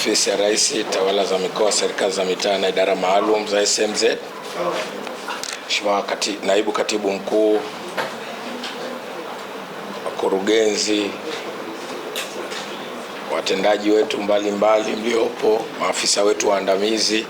Ofisi ya Rais, Tawala za Mikoa, Serikali za Mitaa na Idara Maalum za SMZ, Mheshimiwa kati, Naibu Katibu Mkuu, wakurugenzi, watendaji wetu mbalimbali mliopo, maafisa wetu waandamizi,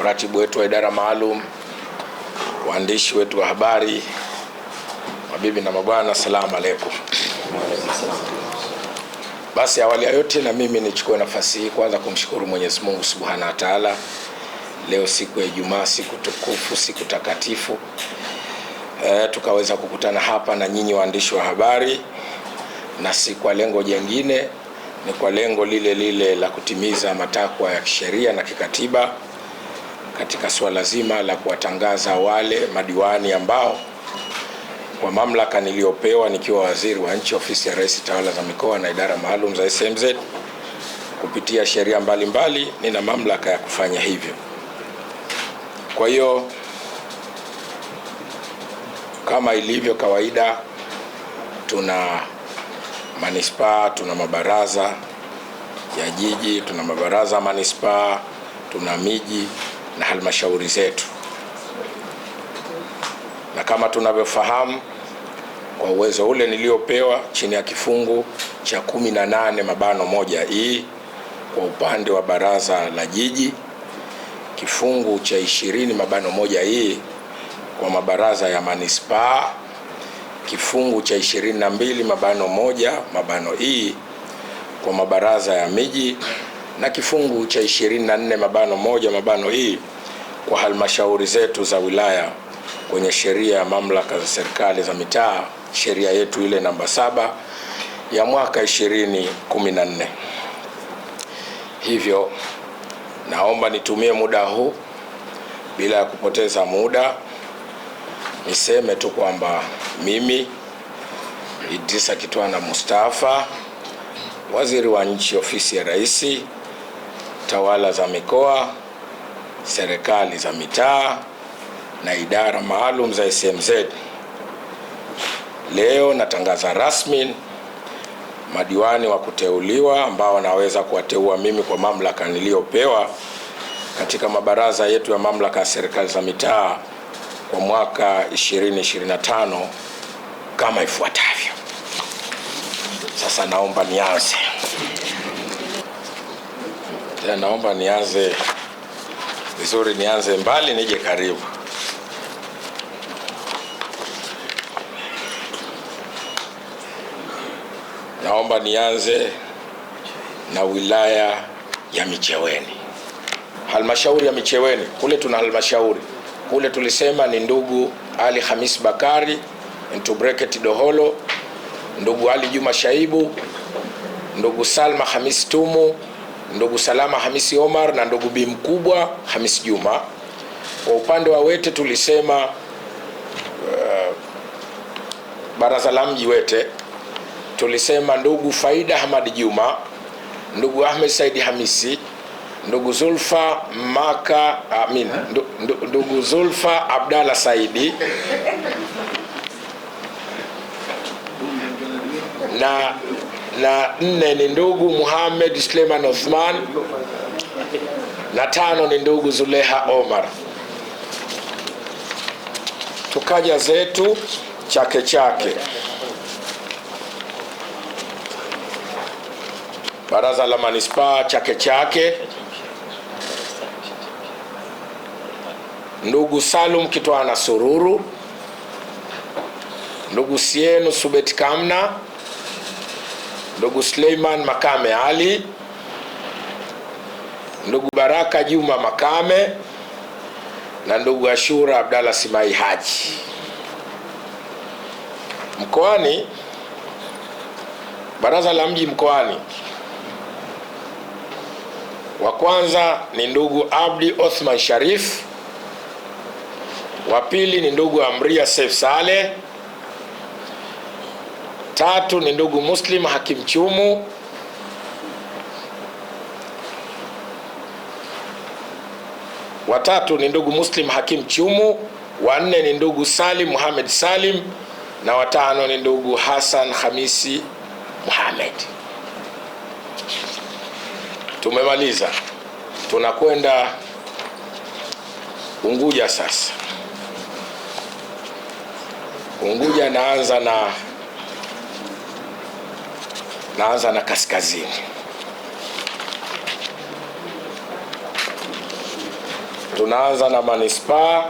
mratibu wetu wa idara maalum, waandishi wetu wa habari, mabibi na mabwana, salamu aleikum. Basi awali ya yote, na mimi nichukue nafasi hii kwanza kumshukuru Mwenyezi Mungu Subhanahu wa Ta'ala, leo siku ya Ijumaa, siku tukufu, siku takatifu e, tukaweza kukutana hapa na nyinyi waandishi wa habari, na si kwa lengo jengine, ni kwa lengo lile lile la kutimiza matakwa ya kisheria na kikatiba katika suala zima la kuwatangaza wale madiwani ambao kwa mamlaka niliyopewa nikiwa waziri wa nchi ofisi ya Rais, tawala za mikoa na idara maalum za SMZ kupitia sheria mbalimbali, nina mamlaka ya kufanya hivyo. Kwa hiyo kama ilivyo kawaida, tuna manispaa, tuna mabaraza ya jiji, tuna mabaraza manispaa, tuna miji na halmashauri zetu na kama tunavyofahamu kwa uwezo ule niliopewa chini ya kifungu cha 18 mabano moja hii e, kwa upande wa baraza la jiji, kifungu cha 20 mabano moja hii e, kwa mabaraza ya manispaa, kifungu cha 22 mabano moja mabano hii e, kwa mabaraza ya miji na kifungu cha 24 mabano moja mabano hii kwa halmashauri zetu za wilaya kwenye sheria ya mamlaka za serikali za mitaa, sheria yetu ile namba saba ya mwaka 2014. Hivyo naomba nitumie muda huu bila ya kupoteza muda, niseme tu kwamba mimi Idrisa Kitwana Mustafa, waziri wa nchi ofisi ya Rais, tawala za mikoa, serikali za mitaa na idara maalum za SMZ. Leo natangaza rasmi madiwani wa kuteuliwa ambao naweza kuwateua mimi kwa mamlaka niliyopewa katika mabaraza yetu ya mamlaka ya serikali za mitaa kwa mwaka 2025 kama ifuatavyo. Sasa naomba nianze, naomba nianze vizuri, nianze mbali nije karibu. Naomba nianze na wilaya ya Micheweni, halmashauri ya Micheweni. Kule tuna halmashauri kule, tulisema ni ndugu Ali Hamis Bakari into bracket Doholo, ndugu Ali Juma Shaibu, ndugu Salma Hamis Tumu, ndugu Salama Hamisi Omar na ndugu Bi Mkubwa Hamis Juma. Kwa upande wa Wete tulisema uh, baraza la mji Wete tulisema ndugu Faida Hamad Juma, ndugu Ahmed Saidi Hamisi, ndugu Zulfa Maka Amin, eh? ndugu Zulfa Abdalla Saidi na na nne ni ndugu Muhamed Suleiman Othman na tano ni ndugu Zuleha Omar. Tukaja zetu Chake Chake. Baraza la Manispaa Chake Chake, ndugu Salum Kitwana Sururu, ndugu Sienu Subet Kamna, ndugu Suleiman Makame Ali, ndugu Baraka Juma Makame na ndugu Ashura Abdalla Simai Haji. Mkoani, Baraza la Mji Mkoani wa kwanza ni ndugu Abdi Othman Sharif, wa pili ni ndugu Amria Saif Saleh, tatu ni ndugu Muslim Hakim Chumu, watatu ni ndugu Muslim Hakim Chumu, wanne ni ndugu Salim Muhamed Salim na watano ni ndugu Hassan Hamisi Muhamed. Tumemaliza, tunakwenda Unguja sasa. Unguja naanza na naanza na kaskazini. Tunaanza na manispaa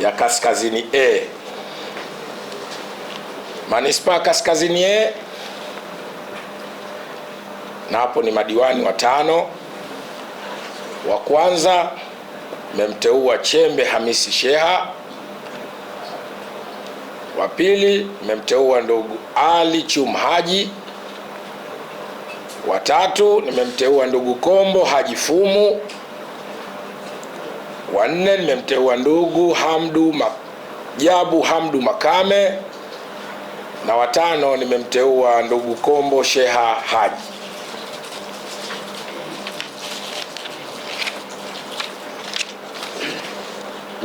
ya Kaskazini A. Manispaa Kaskazini A na hapo ni madiwani watano. Wa kwanza mmemteua Chembe Hamisi Sheha, wa pili mmemteua ndugu Ali Chum Haji, wa tatu nimemteua ndugu Kombo Haji Fumu, wa nne nimemteua ndugu Hamdu Jabu Hamdu Makame na watano nimemteua ndugu Kombo Sheha Haji.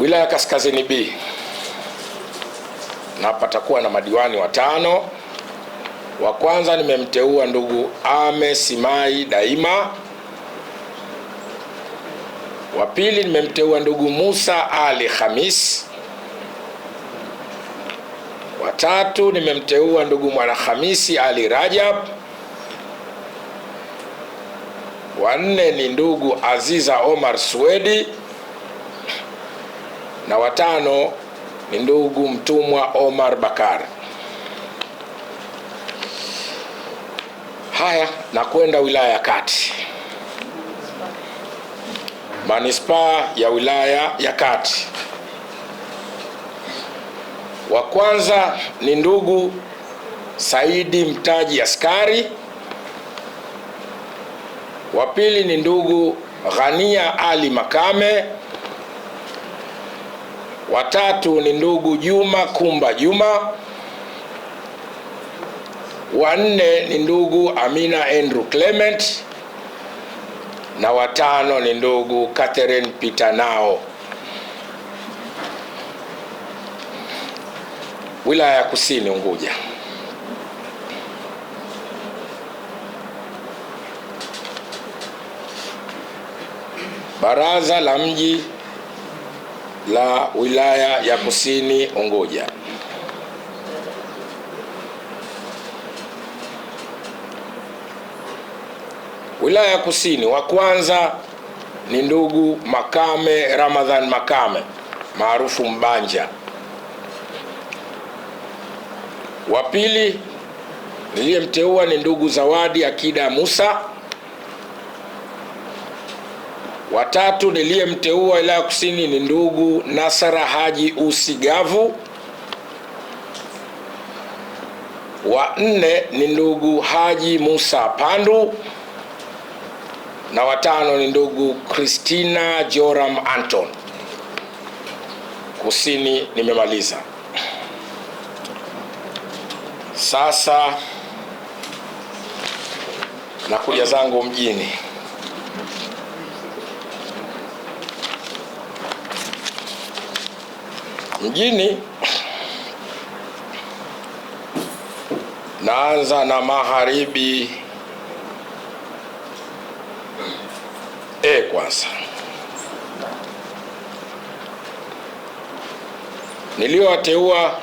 wilaya Kaskazini B na patakuwa na madiwani watano. Wa kwanza nimemteua ndugu Ame Simai Daima. Wa pili nimemteua ndugu Musa Ali Khamis. Wa tatu nimemteua ndugu mwana khamisi Ali Rajab. Wa nne ni ndugu Aziza Omar Swedi na watano ni ndugu mtumwa Omar Bakar. Haya, na kwenda wilaya ya Kati, manispaa ya wilaya ya Kati. Wa kwanza ni ndugu Saidi Mtaji Askari, wa pili ni ndugu Ghania Ali Makame watatu ni ndugu Juma Kumba Juma, wanne ni ndugu Amina Andrew Clement na watano ni ndugu Catherine Pitanao. Wilaya ya Kusini Unguja. Baraza la Mji la wilaya ya Kusini Unguja. Wilaya ya Kusini, wa kwanza ni ndugu Makame Ramadhan Makame maarufu Mbanja, wa pili niliyemteua ni ndugu Zawadi Akida Musa Watatu niliyemteua Wilaya Kusini ni ndugu Nasara Haji Usigavu. Wa nne ni ndugu Haji Musa Pandu na watano ni ndugu Christina Joram Anton. Kusini nimemaliza. Sasa nakuja zangu mjini. Mjini naanza na magharibi e, kwanza niliyowateua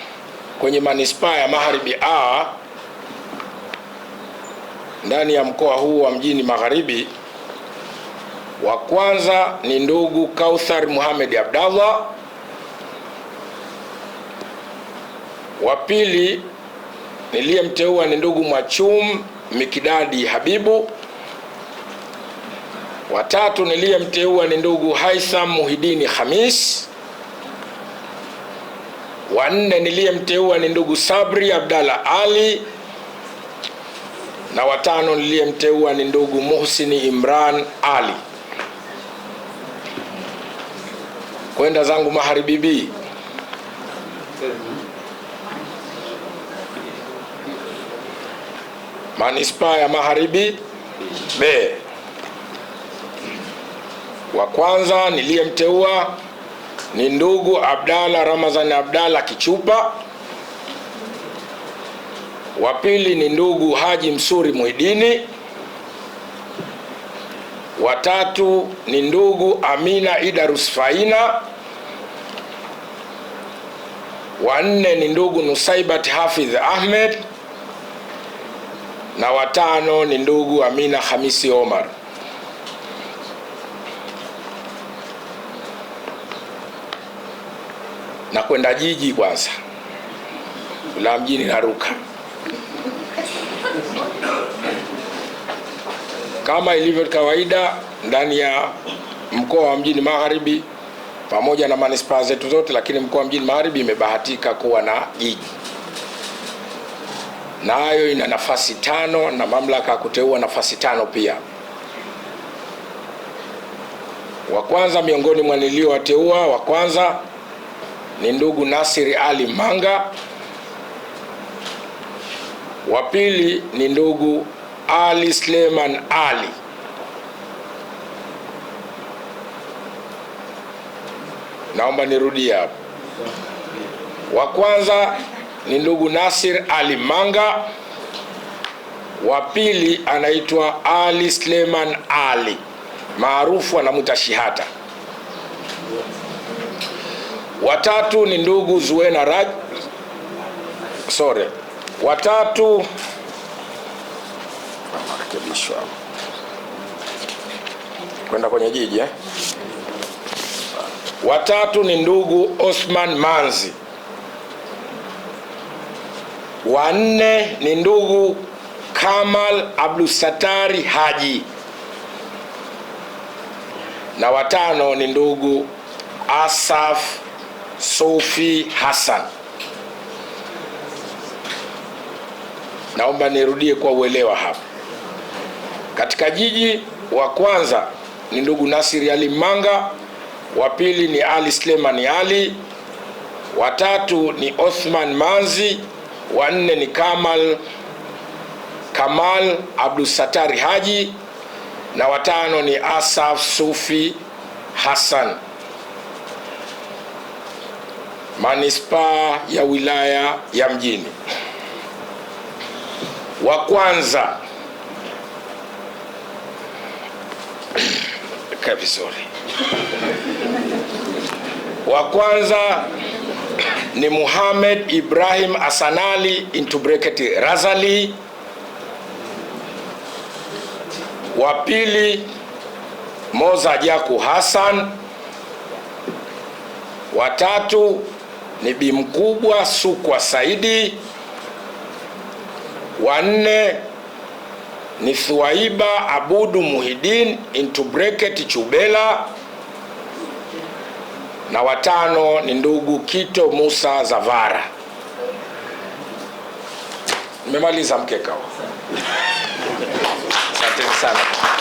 kwenye manispaa ya magharibi a ndani ya mkoa huu wa mjini magharibi. Wa kwanza ni ndugu Kauthar Muhamed Abdallah Wa pili niliyemteua ni ndugu Mwachum Mikidadi Habibu. Wa tatu niliyemteua ni ndugu Haitham Muhidini Khamis. Wa nne niliyemteua ni ndugu Sabri Abdalla Ali, na watano niliyemteua ni ndugu Muhsini Imran Ali. Kwenda zangu maharibibi. manispaa ya Magharibi B. Wa kwanza niliyemteua ni ndugu Abdalla Ramazani Abdalla Kichupa. Wa pili ni ndugu Haji Msuri Muhidini. Wa tatu ni ndugu Amina Ida Rusfaina. Wa nne ni ndugu Nusaibat Hafidh Ahmed na watano ni ndugu Amina Hamisi Omar. Na kwenda jiji kwanza, la mjini naruka kama ilivyo kawaida ndani ya mkoa wa Mjini Magharibi pamoja na manispaa zetu zote, lakini mkoa wa Mjini Magharibi imebahatika kuwa na jiji nayo ina nafasi tano na mamlaka ya kuteua nafasi tano pia. Wa kwanza miongoni mwa niliowateua wa kwanza ni ndugu Nasiri Ali Manga, wa pili ni ndugu Ali Sleman Ali, naomba nirudie hapo, wa kwanza ni ndugu Nasir Ali Manga, wa pili anaitwa Ali Sleman Ali maarufu anamwita Shihata, watatu ni ndugu Zuena Raj, sorry, watatu marekebisho kwenda kwenye jiji eh? watatu ni ndugu Osman Manzi wanne ni ndugu Kamal Abdusatari Haji na watano ni ndugu Asaf sofi Hassan. Naomba nirudie kwa uelewa hapa. Katika jiji wa kwanza ni ndugu Nasiri Ali Manga, wa pili ni Ali Sleman Ali, watatu ni Othman Manzi wanne ni Kamal Kamal Abdulsatari Haji na watano ni Asaf Sufi Hassan. Manispaa ya wilaya ya Mjini. Wa kwanza vizuri wa kwanza ni Muhammad Ibrahim Asanali into bracket Razali, wa pili Moza Jaku Hassan, wa tatu ni Bi Mkubwa Sukwa Saidi, wa nne ni Thuaiba Abudu Muhidin into bracket Chubela na watano ni ndugu Kito Musa Zavara. Nimemaliza mkeka. Asanteni sana.